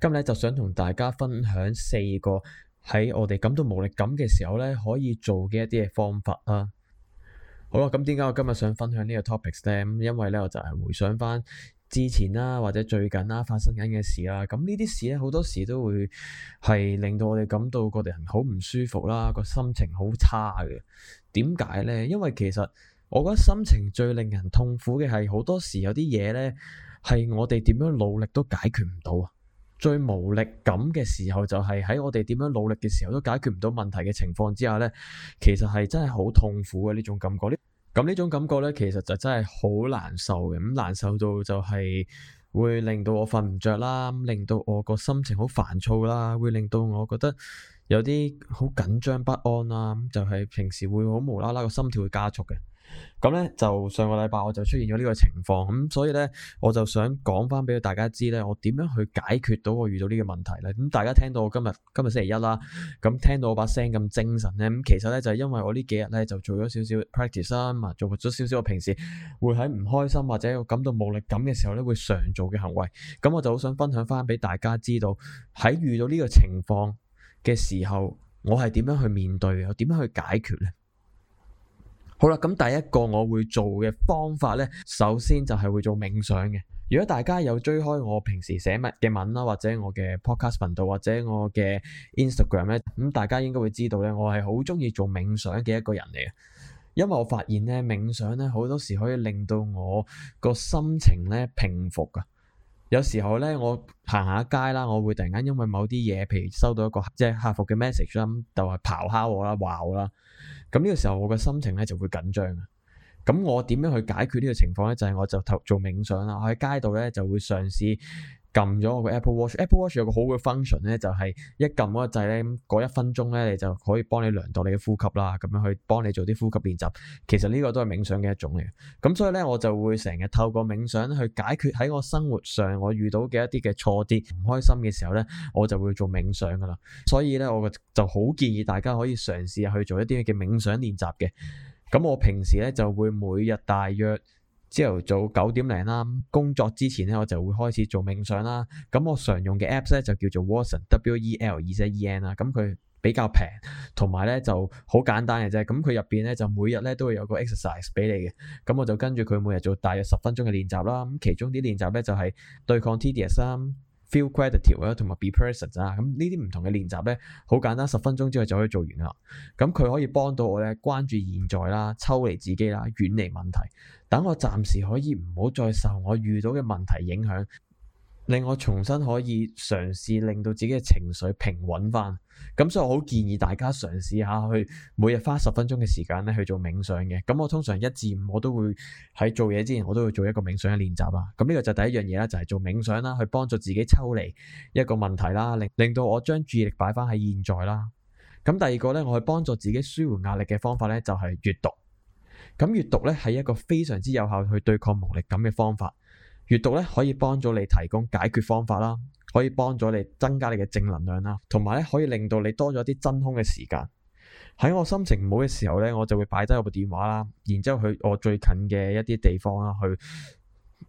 今日就想同大家分享四個喺我哋感到無力感嘅時候咧，可以做嘅一啲嘅方法啊。好啦，咁點解我今日想分享呢個 topic 咧？因為咧，我就係回想翻之前啦，或者最近啦發生緊嘅事啦。咁呢啲事咧，好多時都會係令到我哋感到個人好唔舒服啦，個心情好差嘅。點解咧？因為其實我覺得心情最令人痛苦嘅係好多時有啲嘢咧，係我哋點樣努力都解決唔到啊。最無力感嘅時候，就係喺我哋點樣努力嘅時候都解決唔到問題嘅情況之下咧，其實係真係好痛苦嘅呢種感覺。咁呢種感覺咧，其實就真係好難受嘅。咁難受到就係會令到我瞓唔着啦，令到我個心情好煩躁啦，會令到我覺得有啲好緊張不安啦。就係平時會好無啦啦個心跳會加速嘅。咁咧就上個禮拜我就出現咗呢個情況，咁所以咧我就想講翻畀大家知咧，我點樣去解決到我遇到呢個問題咧？咁大家聽到我今日今日星期一啦，咁聽到我把聲咁精神咧，咁其實咧就係因為我呢幾日咧就做咗少少 practice 啊，同埋做咗少少我平時會喺唔開心或者我感到無力感嘅時候咧會常做嘅行為，咁我就好想分享翻畀大家知道喺遇到呢個情況嘅時候，我係點樣去面對，又點樣去解決咧？好啦，咁第一個我會做嘅方法咧，首先就係會做冥想嘅。如果大家有追開我平時寫物嘅文啦，或者我嘅 podcast 頻道或者我嘅 Instagram 咧，咁大家應該會知道咧，我係好鍾意做冥想嘅一個人嚟嘅。因為我發現咧冥想咧好多時可以令到我個心情咧平復噶。有時候咧，我行下街啦，我會突然間因為某啲嘢，譬如收到一個即係客服嘅 message 就係、是、咆哮我啦、話我啦，咁呢個時候我嘅心情咧就會緊張。咁我點樣去解決呢個情況咧？就係、是、我就做冥想啦，我喺街度咧就會嘗試。撳咗我個 Apple Watch, Apple Watch，Apple Watch 有個好嘅 function 咧，就係一撳嗰個掣咧，嗰一分鐘咧，你就可以幫你量度你嘅呼吸啦，咁樣去幫你做啲呼吸練習。其實呢個都係冥想嘅一種嚟嘅。咁所以咧，我就會成日透過冥想去解決喺我生活上我遇到嘅一啲嘅挫折唔開心嘅時候咧，我就會做冥想噶啦。所以咧，我就好建議大家可以嘗試去做一啲嘅冥想練習嘅。咁我平時咧就會每日大約。朝頭早九點零啦，工作之前咧我就會開始做冥想啦。咁我常用嘅 Apps 咧就叫做 Watson，W-E-L-Z-E-N 啦。咁佢比較平，同埋咧就好簡單嘅啫。咁佢入邊咧就每日咧都會有個 exercise 俾你嘅。咁我就跟住佢每日做大約十分鐘嘅練習啦。咁其中啲練習咧就係對抗 TDS 三。feel gratitude 啊，同埋 be present 啊，咁呢啲唔同嘅練習咧，好簡單，十分鐘之後就可以做完啦。咁佢可以幫到我咧，關注現在啦，抽離自己啦，遠離問題，等我暫時可以唔好再受我遇到嘅問題影響。令我重新可以嘗試令到自己嘅情緒平穩翻，咁所以我好建議大家嘗試下去，每日花十分鐘嘅時間咧去做冥想嘅。咁我通常一至五我都會喺做嘢之前，我都會做一個冥想嘅練習啊。咁呢個就第一樣嘢啦，就係做冥想啦，去幫助自己抽離一個問題啦，令令到我將注意力擺翻喺現在啦。咁第二個咧，我去幫助自己舒緩壓力嘅方法咧，就係閱讀。咁閱讀咧係一個非常之有效去對抗無力感嘅方法。閱讀咧可以幫咗你提供解決方法啦，可以幫咗你增加你嘅正能量啦，同埋咧可以令到你多咗啲真空嘅時間。喺我心情唔好嘅時候咧，我就會擺低我部電話啦，然之後去我最近嘅一啲地方啦，去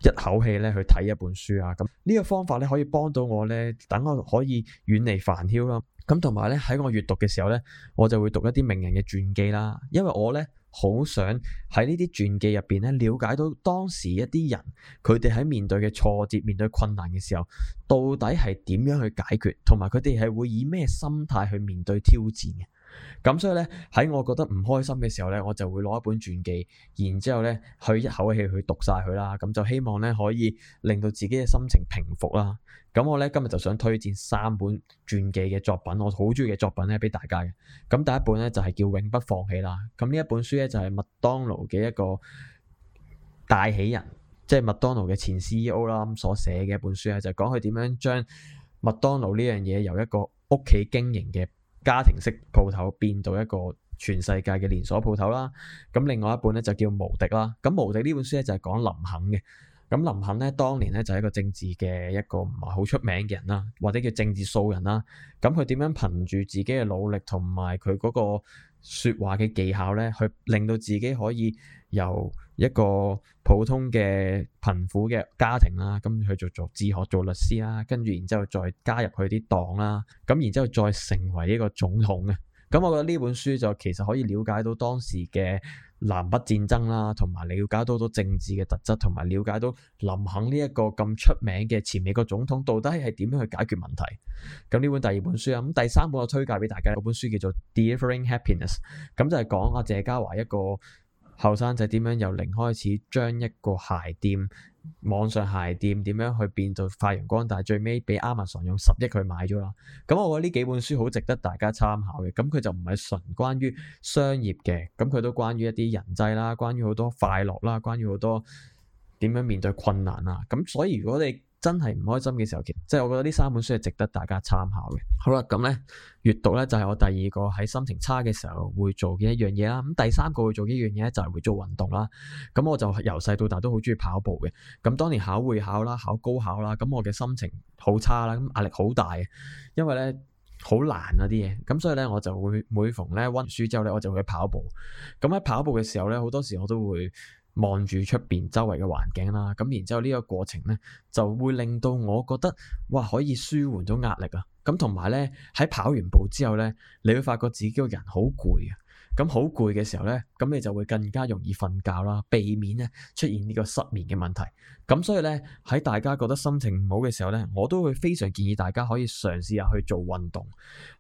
一口氣咧去睇一本書啊。咁、這、呢個方法咧可以幫到我咧，等我可以遠離煩囂啦。咁同埋咧喺我閱讀嘅時候咧，我就會讀一啲名人嘅傳記啦，因為我咧。好想喺呢啲傳記入邊咧，瞭解到當時一啲人，佢哋喺面對嘅挫折、面對困難嘅時候，到底係點樣去解決，同埋佢哋係會以咩心態去面對挑戰嘅。咁所以咧，喺我覺得唔開心嘅時候咧，我就會攞一本傳記，然之後咧去一口氣去讀晒佢啦。咁就希望咧可以令到自己嘅心情平復啦。咁我咧今日就想推薦三本傳記嘅作品，我好中意嘅作品咧，俾大家嘅。咁第一本咧就係、是、叫《永不放棄》就是就是、啦。咁呢一本書咧就係麥當勞嘅一個大起人，即係麥當勞嘅前 CEO 啦，咁所寫嘅一本書啊，就講佢點樣將麥當勞呢樣嘢由一個屋企經營嘅家庭式鋪頭變到一個全世界嘅連鎖鋪頭啦。咁另外一本咧就叫《無敵》啦。咁《無敵》呢本書咧就係、是、講林肯嘅。咁林肯咧，當年咧就係一個政治嘅一個唔係好出名嘅人啦，或者叫政治素人啦。咁佢點樣憑住自己嘅努力同埋佢嗰個說話嘅技巧咧，去令到自己可以由一個普通嘅貧苦嘅家庭啦，咁去做做自學做律師啦，跟住然之後再加入佢啲黨啦，咁然之後再成為一個總統嘅。咁我覺得呢本書就其實可以了解到當時嘅。南北戰爭啦，同埋了解多咗政治嘅特質，同埋了解到林肯呢一個咁出名嘅前美國總統到底係點樣去解決問題。咁呢本第二本書啊，咁第三本我推介畀大家嗰本書叫做《Delivering Happiness》，咁就係講阿謝家華一個後生仔點樣由零開始將一個鞋店。網上鞋店點樣去變到發揚光大？但最尾畀 Amazon 用十億去買咗啦。咁我覺得呢幾本書好值得大家參考嘅。咁佢就唔係純關於商業嘅，咁佢都關於一啲人際啦，關於好多快樂啦，關於好多點樣面對困難啊。咁所以如果你，真係唔開心嘅時候，即係我覺得呢三本書係值得大家參考嘅。好啦，咁呢閱讀呢，就係我第二個喺心情差嘅時候會做嘅一樣嘢啦。咁第三個去做呢樣嘢呢，就係會做運動啦。咁我就由細到大都好中意跑步嘅。咁當年考會考啦、考高考啦，咁我嘅心情好差啦，咁壓力好大，因為呢好難嗰啲嘢。咁所以呢，我就會每逢呢溫書之後呢，我就會跑步。咁喺跑步嘅時候呢，好多時我都會。望住出邊周圍嘅環境啦，咁然之後呢個過程呢，就會令到我覺得，哇，可以舒緩到壓力啊！咁同埋呢，喺跑完步之後呢，你會發覺自己個人好攰啊！咁好攰嘅時候呢，咁你就會更加容易瞓覺啦，避免呢出現呢個失眠嘅問題。咁所以呢，喺大家覺得心情唔好嘅時候呢，我都會非常建議大家可以嘗試下去做運動，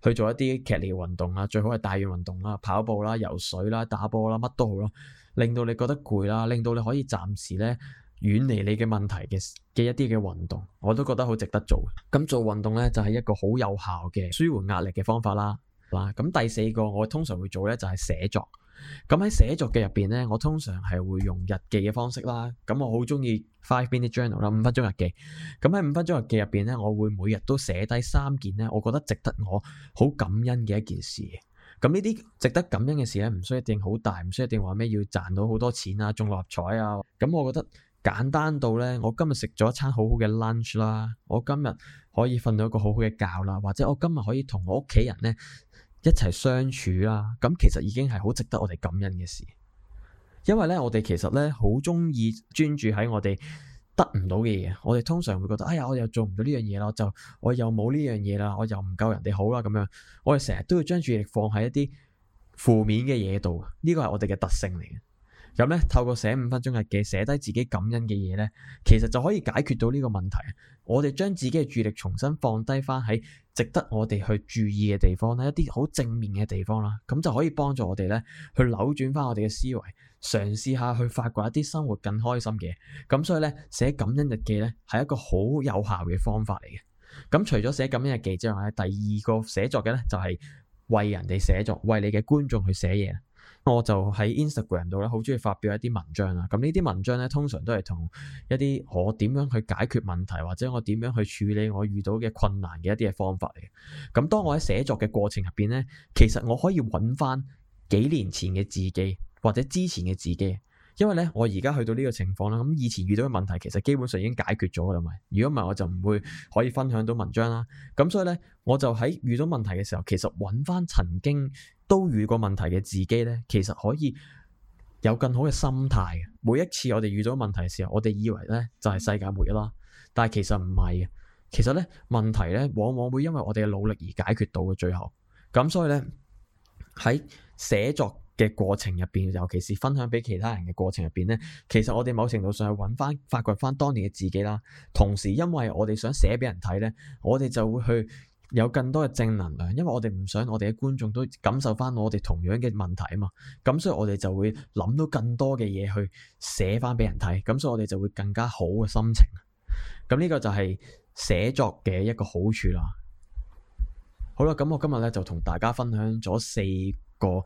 去做一啲劇烈運動啊，最好係大運動啦，跑步啦、游水啦、打波啦，乜都好咯。令到你覺得攰啦，令到你可以暫時咧遠離你嘅問題嘅嘅一啲嘅運動，我都覺得好值得做。咁做運動咧就係一個好有效嘅舒緩壓力嘅方法啦。嗱，咁第四個我通常會做咧就係寫作。咁喺寫作嘅入邊咧，我通常係會用日記嘅方式啦。咁我好中意 Five Minute Journal 啦，五分鐘日記。咁喺五分鐘日記入邊咧，我會每日都寫低三件咧，我覺得值得我好感恩嘅一件事。咁呢啲值得感恩嘅事咧，唔需要一定好大，唔需要一定話咩要賺到好多錢啊，中六合彩啊。咁我覺得簡單到咧，我今日食咗一餐好好嘅 lunch 啦，我今日可以瞓到一個好好嘅覺啦，或者我今日可以同我屋企人咧一齊相處啦，咁其實已經係好值得我哋感恩嘅事。因為咧，我哋其實咧好中意專注喺我哋。得唔到嘅嘢，我哋通常會覺得，哎呀，我又做唔到呢樣嘢啦，我就我又冇呢樣嘢啦，我又唔夠人哋好啦，咁樣，我哋成日都要將注意力放喺一啲負面嘅嘢度，呢個係我哋嘅特性嚟嘅。咁咧，透過寫五分鐘日記，寫低自己感恩嘅嘢咧，其實就可以解決到呢個問題。我哋將自己嘅注意力重新放低翻喺值得我哋去注意嘅地方咧，一啲好正面嘅地方啦，咁就可以幫助我哋咧去扭轉翻我哋嘅思維，嘗試下去發掘一啲生活更開心嘅。咁所以咧，寫感恩日記咧係一個好有效嘅方法嚟嘅。咁除咗寫感恩日記之外咧，第二個寫作嘅咧就係為人哋寫作，為你嘅觀眾去寫嘢。我就喺 Instagram 度好中意發表一啲文章啦。咁呢啲文章通常都係同一啲我點樣去解決問題，或者我點樣去處理我遇到嘅困難嘅一啲嘅方法嚟嘅。咁當我喺寫作嘅過程入邊呢，其實我可以揾翻幾年前嘅自己，或者之前嘅自己。因為咧，我而家去到呢個情況啦，咁以前遇到嘅問題，其實基本上已經解決咗㗎啦嘛。如果唔係，我就唔會可以分享到文章啦。咁所以咧，我就喺遇到問題嘅時候，其實搵返曾經都遇過問題嘅自己咧，其實可以有更好嘅心態。每一次我哋遇到問題嘅時候，我哋以為咧就係、是、世界末日啦，但係其實唔係嘅。其實咧問題咧，往往會因為我哋嘅努力而解決到嘅最後。咁所以咧喺寫作。嘅過程入邊，尤其是分享俾其他人嘅過程入邊呢，其實我哋某程度上去揾翻、發掘翻當年嘅自己啦。同時，因為我哋想寫俾人睇呢，我哋就會去有更多嘅正能量，因為我哋唔想我哋嘅觀眾都感受翻我哋同樣嘅問題啊嘛。咁所以我哋就會諗到更多嘅嘢去寫翻畀人睇。咁所以我哋就會更加好嘅心情。咁呢個就係寫作嘅一個好處啦。好啦，咁我今日呢，就同大家分享咗四個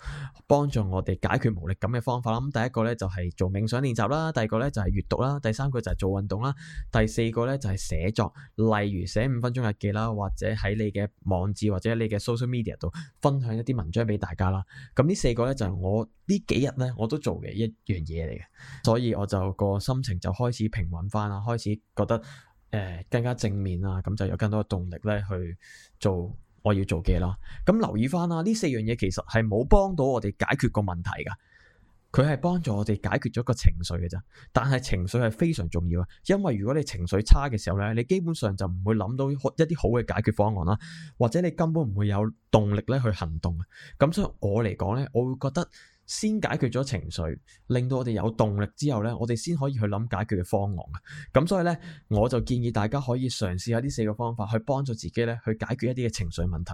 幫助我哋解決無力感嘅方法啦。咁第一個咧就係做冥想練習啦，第二個咧就係閱讀啦，第三個就係做運動啦，第四個咧就係寫作，例如寫五分鐘日記啦，或者喺你嘅網址或者你嘅 social media 度分享一啲文章俾大家啦。咁呢四個咧就係我呢幾日咧我都做嘅一樣嘢嚟嘅，所以我就個心情就開始平穩翻啦，開始覺得誒、呃、更加正面啊，咁就有更多嘅動力咧去做。我要做嘅啦，咁留意翻啦，呢四樣嘢其實係冇幫到我哋解決個問題噶，佢係幫助我哋解決咗個情緒嘅咋，但係情緒係非常重要啊，因為如果你情緒差嘅時候咧，你基本上就唔會諗到一啲好嘅解決方案啦，或者你根本唔會有動力咧去行動。咁所以我嚟講咧，我會覺得。先解決咗情緒，令到我哋有動力之後咧，我哋先可以去諗解決嘅方案嘅。咁所以咧，我就建議大家可以嘗試下呢四個方法，去幫助自己咧去解決一啲嘅情緒問題。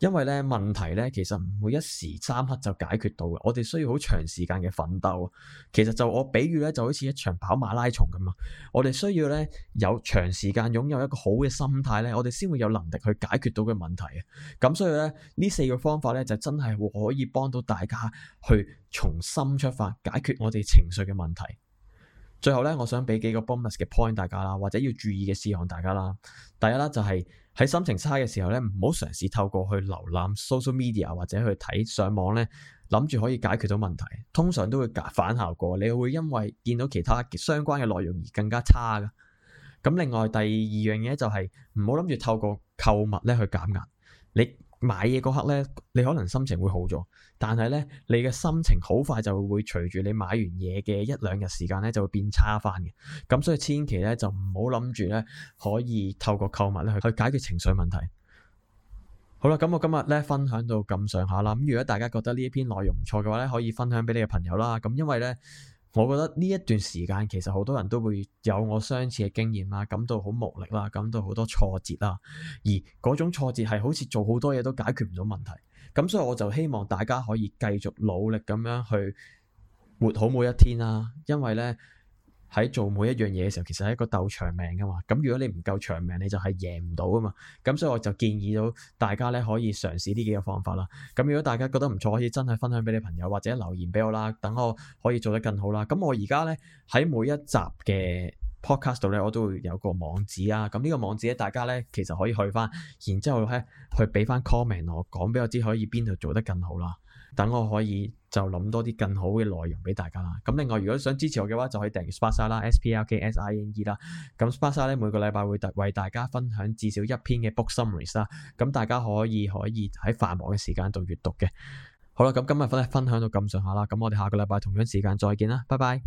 因為咧問題咧其實唔會一時三刻就解決到嘅，我哋需要好長時間嘅奮鬥。其實就我比喻咧，就好似一場跑馬拉松咁啊！我哋需要咧有長時間擁有一個好嘅心態咧，我哋先會有能力去解決到嘅問題。咁所以咧，呢四個方法咧就真係可以幫到大家去從心出發，解決我哋情緒嘅問題。最後咧，我想俾幾個 bonus 嘅 point 大家啦，或者要注意嘅事項大家啦。第一啦，就是，就係。喺心情差嘅時候咧，唔好嘗試透過去瀏覽 social media 或者去睇上網咧，諗住可以解決到問題，通常都會反效果。你會因為見到其他相關嘅內容而更加差㗎。咁另外第二樣嘢就係唔好諗住透過購物咧去減壓，你買嘢嗰刻呢，你可能心情會好咗，但係呢，你嘅心情好快就會隨住你買完嘢嘅一兩日時間呢就會變差翻嘅。咁所以千祈呢，就唔好諗住呢可以透過購物咧去解決情緒問題。好啦，咁我今日呢分享到咁上下啦。咁如果大家覺得呢一篇內容唔錯嘅話呢，可以分享俾你嘅朋友啦。咁因為呢。我覺得呢一段時間其實好多人都會有我相似嘅經驗啦，感到好無力啦，感到好多挫折啦，而嗰種挫折係好似做好多嘢都解決唔到問題，咁所以我就希望大家可以繼續努力咁樣去活好每一天啦，因為咧。喺做每一樣嘢嘅時候，其實係一個鬥長命噶嘛。咁如果你唔夠長命，你就係贏唔到噶嘛。咁所以我就建議到大家咧可以嘗試呢幾個方法啦。咁如果大家覺得唔錯，可以真係分享畀你朋友或者留言畀我啦，等我可以做得更好啦。咁我而家咧喺每一集嘅 podcast 度咧，我都會有個網址啊。咁呢個網址咧，大家咧其實可以去翻，然之後咧去畀翻 comment 我，講畀我知可以邊度做得更好啦。等我可以就諗多啲更好嘅內容俾大家啦。咁另外，如果想支持我嘅話，就可以訂閱 Spasa 啦 （S P A、L K、S S I N E） 啦。咁 Spasa 咧，每個禮拜會大為大家分享至少一篇嘅 book summaries 啦。咁大家可以可以喺繁忙嘅時間度閱讀嘅。好啦，咁今日分分享到咁上下啦。咁我哋下個禮拜同樣時間再見啦。拜拜。